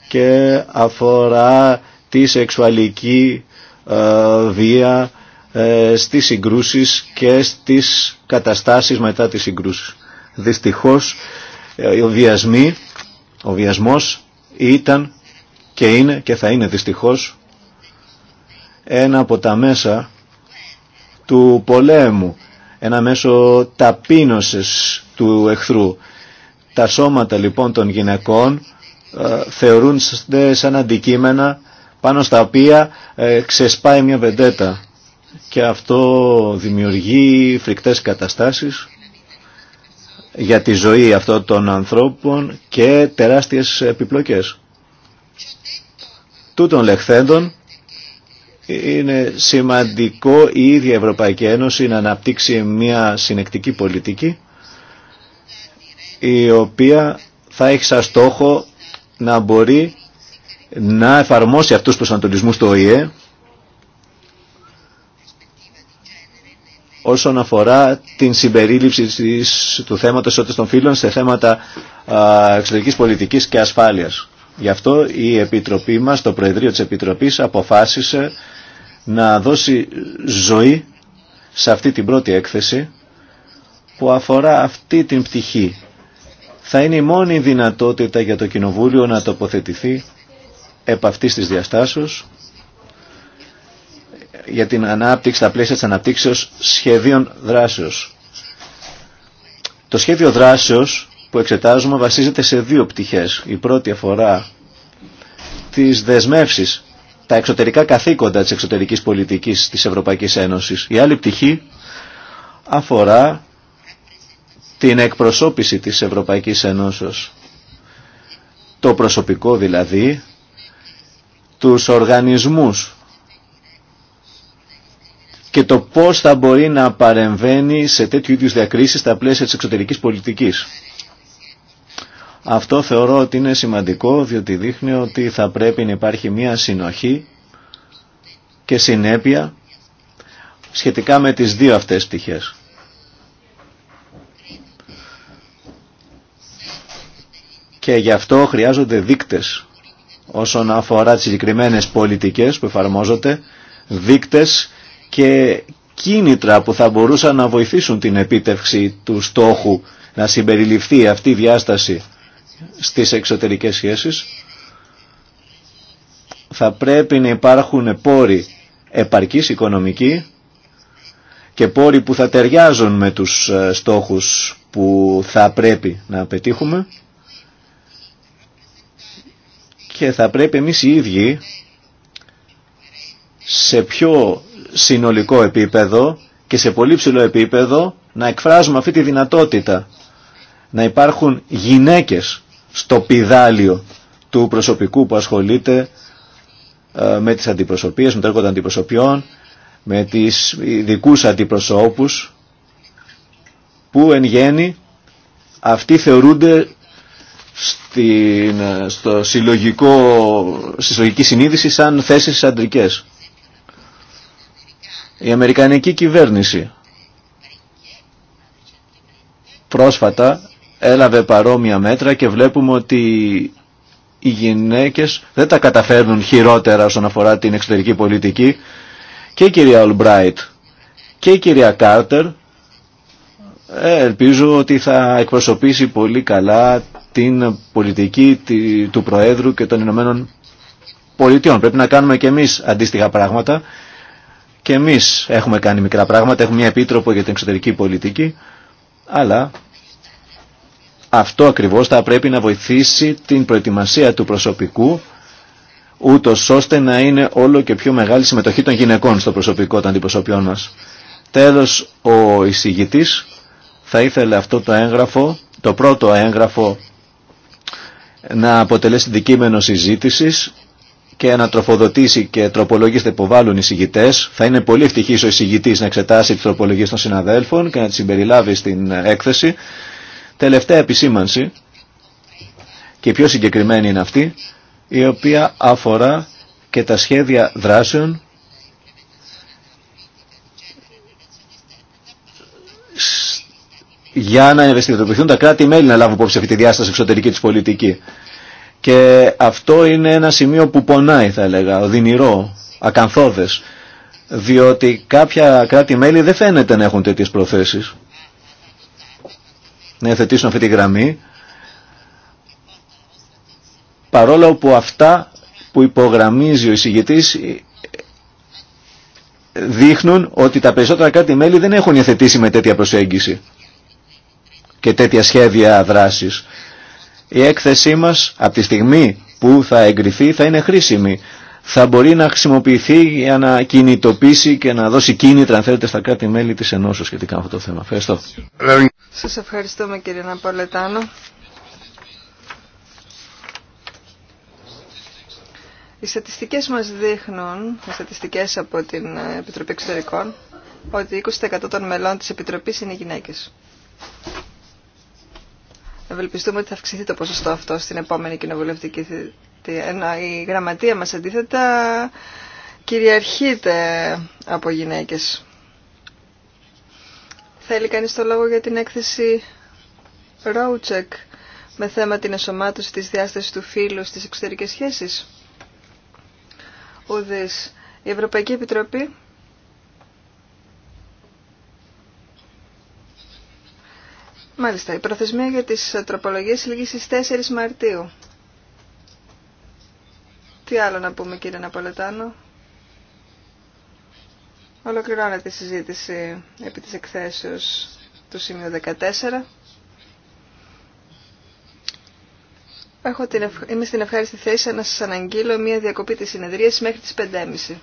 και αφορά τη σεξουαλική ε, βία ε, στις συγκρούσεις και στις καταστάσεις μετά τις συγκρούσεις. Δυστυχώς ε, ο, βιασμοί, ο βιασμός ήταν και είναι και θα είναι δυστυχώς ένα από τα μέσα του πολέμου, ένα μέσο ταπείνωσης του εχθρού. Τα σώματα λοιπόν των γυναικών θεωρούνται σαν αντικείμενα πάνω στα οποία ε, ξεσπάει μια βεντέτα και αυτό δημιουργεί φρικτές καταστάσεις για τη ζωή αυτών των ανθρώπων και τεράστιες επιπλοκές. Τούτων λεχθέντων είναι σημαντικό η ίδια Ευρωπαϊκή Ένωση να αναπτύξει μια συνεκτική πολιτική η οποία θα έχει σαν στόχο να μπορεί να εφαρμόσει αυτούς τους προσανατολισμούς στο ΟΗΕ όσον αφορά την συμπερίληψη του θέματος ότες των φύλων σε θέματα εξωτερικής πολιτικής και ασφάλειας. Γι' αυτό η Επιτροπή μας, το Προεδρείο της Επιτροπής αποφάσισε να δώσει ζωή σε αυτή την πρώτη έκθεση που αφορά αυτή την πτυχή. Θα είναι η μόνη δυνατότητα για το Κοινοβούλιο να τοποθετηθεί επ' αυτής της διαστάσεως για την ανάπτυξη, τα πλαίσια της αναπτύξεως σχεδίων δράσεως. Το σχέδιο δράσεως που εξετάζουμε βασίζεται σε δύο πτυχές. Η πρώτη αφορά τις δεσμεύσεις, τα εξωτερικά καθήκοντα της εξωτερικής πολιτικής της Ευρωπαϊκής Ένωσης. Η άλλη πτυχή αφορά την εκπροσώπηση της Ευρωπαϊκής Ένωσης. Το προσωπικό δηλαδή τους οργανισμούς και το πώς θα μπορεί να παρεμβαίνει σε τέτοιου είδους διακρίσεις στα πλαίσια της εξωτερικής πολιτικής. Αυτό θεωρώ ότι είναι σημαντικό διότι δείχνει ότι θα πρέπει να υπάρχει μια συνοχή και συνέπεια σχετικά με τις δύο αυτές πτυχές. Και γι' αυτό χρειάζονται δείκτες όσον αφορά τις συγκεκριμένες πολιτικές που εφαρμόζονται, δείκτες και κίνητρα που θα μπορούσαν να βοηθήσουν την επίτευξη του στόχου να συμπεριληφθεί αυτή η διάσταση στις εξωτερικές σχέσεις. Θα πρέπει να υπάρχουν πόροι επαρκής οικονομικοί και πόροι που θα ταιριάζουν με τους ε, στόχους που θα πρέπει να πετύχουμε και θα πρέπει εμείς οι ίδιοι σε πιο συνολικό επίπεδο και σε πολύ ψηλό επίπεδο να εκφράζουμε αυτή τη δυνατότητα να υπάρχουν γυναίκες στο πιδάλιο του προσωπικού που ασχολείται ε, με τις αντιπροσωπείες, με το έργο των αντιπροσωπιών, με τις ειδικού αντιπροσώπους που εν γέννη αυτοί θεωρούνται στην, στο συλλογικό, στη συλλογική συνείδηση σαν θέσεις αντρικές. Η Αμερικανική κυβέρνηση πρόσφατα έλαβε παρόμοια μέτρα και βλέπουμε ότι οι γυναίκες δεν τα καταφέρνουν χειρότερα όσον αφορά την εξωτερική πολιτική και η κυρία Ολμπράιτ και η κυρία Κάρτερ ε, ελπίζω ότι θα εκπροσωπήσει πολύ καλά την πολιτική του Προέδρου και των Ηνωμένων Πολιτειών. Πρέπει να κάνουμε και εμείς αντίστοιχα πράγματα. Και εμείς έχουμε κάνει μικρά πράγματα, έχουμε μια επίτροπο για την εξωτερική πολιτική, αλλά αυτό ακριβώς θα πρέπει να βοηθήσει την προετοιμασία του προσωπικού, ούτω ώστε να είναι όλο και πιο μεγάλη συμμετοχή των γυναικών στο προσωπικό των αντιπροσωπιών μας. Τέλος, ο εισηγητής θα ήθελε αυτό το έγγραφο, το πρώτο έγγραφο να αποτελέσει δικείμενο συζήτηση και να τροφοδοτήσει και τροπολογίε που υποβάλλουν οι συγητέ. Θα είναι πολύ ευτυχή ο συγητή να εξετάσει τι τροπολογίε των συναδέλφων και να τι συμπεριλάβει στην έκθεση. Τελευταία επισήμανση και πιο συγκεκριμένη είναι αυτή, η οποία αφορά και τα σχέδια δράσεων για να ευαισθητοποιηθούν τα κράτη-μέλη να λάβουν υπόψη αυτή τη διάσταση εξωτερική της πολιτική. Και αυτό είναι ένα σημείο που πονάει θα έλεγα, οδυνηρό, ακαθόδες, διότι κάποια κράτη-μέλη δεν φαίνεται να έχουν τέτοιες προθέσεις να εθετήσουν αυτή τη γραμμή παρόλο που αυτά που υπογραμμίζει ο εισηγητής δείχνουν ότι τα περισσότερα κράτη-μέλη δεν έχουν εθετήσει με τέτοια προσέγγιση και τέτοια σχέδια δράσης. Η έκθεσή μας από τη στιγμή που θα εγκριθεί θα είναι χρήσιμη. Θα μπορεί να χρησιμοποιηθεί για να κινητοποιήσει και να δώσει κίνητρα αν θέλετε στα κράτη-μέλη της Ενώσεως σχετικά με αυτό το θέμα. Ευχαριστώ. Σας ευχαριστούμε κύριε Ναπολετάνο. Οι στατιστικές μας δείχνουν, οι στατιστικές από την Επιτροπή Εξωτερικών, ότι 20% των μελών της Επιτροπής είναι γυναίκες. Ευελπιστούμε ότι θα αυξηθεί το ποσοστό αυτό στην επόμενη κοινοβουλευτική θητεία. η γραμματεία μας αντίθετα κυριαρχείται από γυναίκες. Θέλει κανείς το λόγο για την έκθεση Ρόουτσεκ με θέμα την εσωμάτωση της διάστασης του φύλου στις εξωτερικές σχέσεις. Ουδής. Η Ευρωπαϊκή Επιτροπή Μάλιστα, η προθεσμία για τις τροπολογίες λήγει στις 4 Μαρτίου. Τι άλλο να πούμε κύριε Ναπολετάνο. Ολοκληρώνεται η συζήτηση επί της εκθέσεως του σημείου 14. Έχω την Είμαι στην ευχάριστη θέση να σας αναγγείλω μια διακοπή της συνεδρίας μέχρι τις 5.30.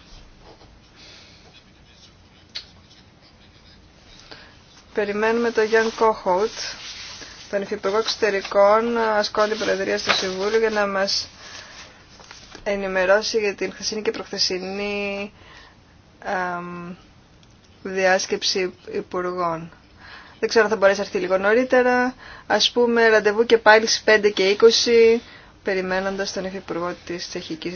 Περιμένουμε τον Γιάνν Κόχουτ, τον Υφυπουργό Εξωτερικών, την Προεδρία στο Συμβούλιο για να μας ενημερώσει για την χθεσινή και προχθεσινή διάσκεψη υπουργών. Δεν ξέρω αν θα μπορέσει να έρθει λίγο νωρίτερα. Ας πούμε ραντεβού και πάλι στις 5 και 20 περιμένοντας τον Υφυπουργό της Τσεχικής